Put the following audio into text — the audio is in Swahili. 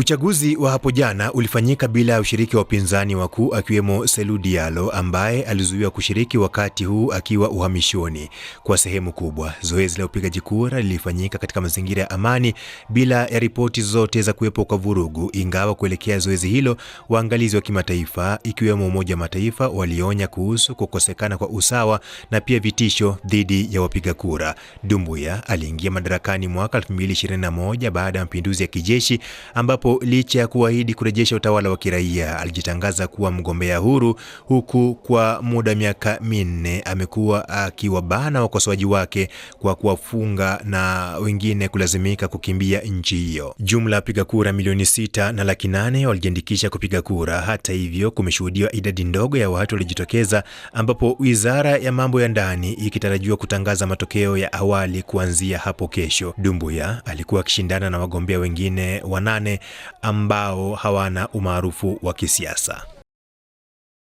Uchaguzi wa hapo jana ulifanyika bila ya ushiriki wa upinzani wakuu akiwemo Selu ambaye alizuiwa kushiriki wakati huu akiwa uhamishoni kwa sehemu kubwa. Zoezi la upigaji kura lilifanyika katika mazingira ya amani bila ya ripoti zote za kuwepo kwa vurugu, ingawa kuelekea zoezi hilo waangalizi wa kimataifa ikiwemo Umoja wa Mataifa walionya kuhusu kukosekana kwa usawa na pia vitisho dhidi ya wapiga kura. Dumbuya aliingia madarakani mwaka 2021 baada ya mapinduzi ya kijeshi ambapo ambapo licha ya kuahidi kurejesha utawala wa kiraia alijitangaza kuwa mgombea huru, huku kwa muda miaka minne amekuwa akiwabana wakosoaji wake kwa kuwafunga na wengine kulazimika kukimbia nchi hiyo. Jumla ya wapiga kura milioni sita na laki nane walijiandikisha kupiga kura. Hata hivyo, kumeshuhudiwa idadi ndogo ya watu waliojitokeza, ambapo wizara ya mambo ya ndani ikitarajiwa kutangaza matokeo ya awali kuanzia hapo kesho. Dumbuya alikuwa akishindana na wagombea wengine wanane ambao hawana umaarufu wa kisiasa.